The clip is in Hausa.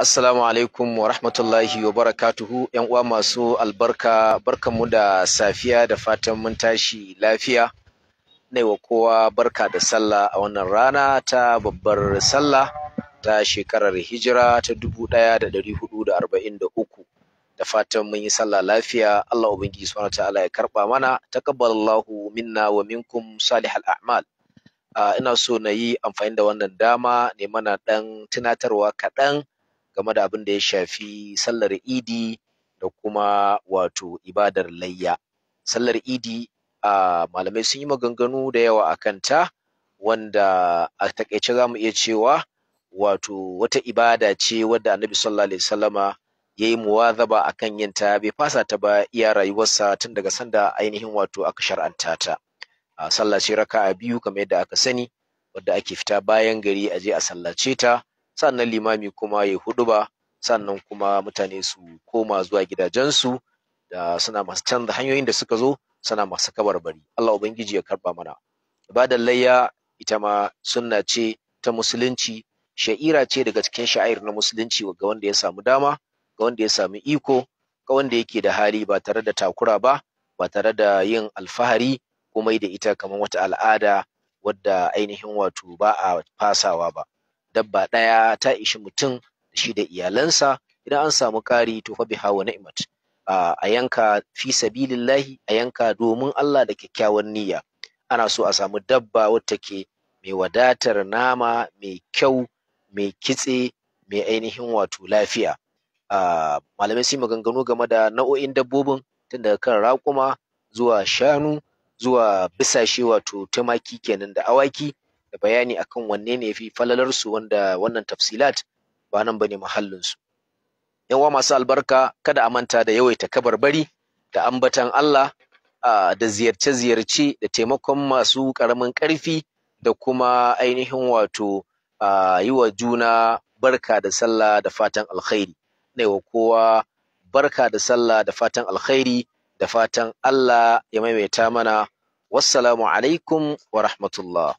Assalamu alaikum wa rahmatullahi wa barakatuhu ‘yan uwa masu albarka barkanmu da safiya da fatan mun tashi lafiya. Na wa kowa barka da sallah a wannan rana ta babbar sallah ta shekarar hijira ta dubu ɗaya da ɗari hudu da arba'in da uku. Da fatan mun yi sallah lafiya Allah Ubangiji ta'ala ya karɓa mana takabbalallahu minna wa minkum salihal a'mal. Uh, ina so na yi amfani da wannan dama ne mana ɗan tunatarwa kaɗan game da abin da ya shafi sallar idi da kuma wato ibadar layya sallar idi a malamai sun yi maganganu da yawa a kanta wanda a takaice za mu iya cewa wato wata ibada ce wadda annabi sallallahu alaihi wasallama ya yi muwazaba a kan yin ta bai fasa ta ba iya rayuwarsa tun daga sanda ainihin wato aka shar'anta ta a sallace raka'a biyu kamar yadda aka sani wadda ake fita bayan gari a je a sallace ta sannan limami kuma ya ba, sannan kuma mutane su koma zuwa gidajensu da suna masu canza hanyoyin da suka zo suna masu kabarbari Allah ubangiji ya karba mana ibadar layya ita ma sunna ce ta musulunci sha'ira ce daga cikin sha'air na musulunci ga wanda ya samu dama ga wanda ya samu iko ga wanda yake da hali ba tare da takura ba ba tare da yin alfahari komai da ita kamar wata al'ada wadda ainihin wato ba a fasawa ba dabba ɗaya ta ishi mutum shi da iyalansa idan an samu kari to fa biha wa ni'mat a yanka fi sabilillahi a yanka domin Allah da kyakkyawan niyya ana so a samu dabba wata ke mai wadatar nama mai kyau mai kitse mai ainihin wato lafiya malamai sun maganganu game da nau'o'in dabbobin tun daga kan raƙuma zuwa shanu zuwa bisashe wato tumaki kenan da awaki da bayani akan wanne ne fi falalarsu wanda wannan tafsilat ba nan bane mahallinsu Yanwa masu albarka kada a manta da yawaita kabarbari da ambatan Allah da ziyarce-ziyarce da taimakon masu karamin karfi da kuma ainihin wato yi wa juna barka da sallah da fatan alkhairi na wa kowa barka da sallah da fatan alkhairi da fatan Allah ya maimaita mana wassalamu alaikum wa rahmatullah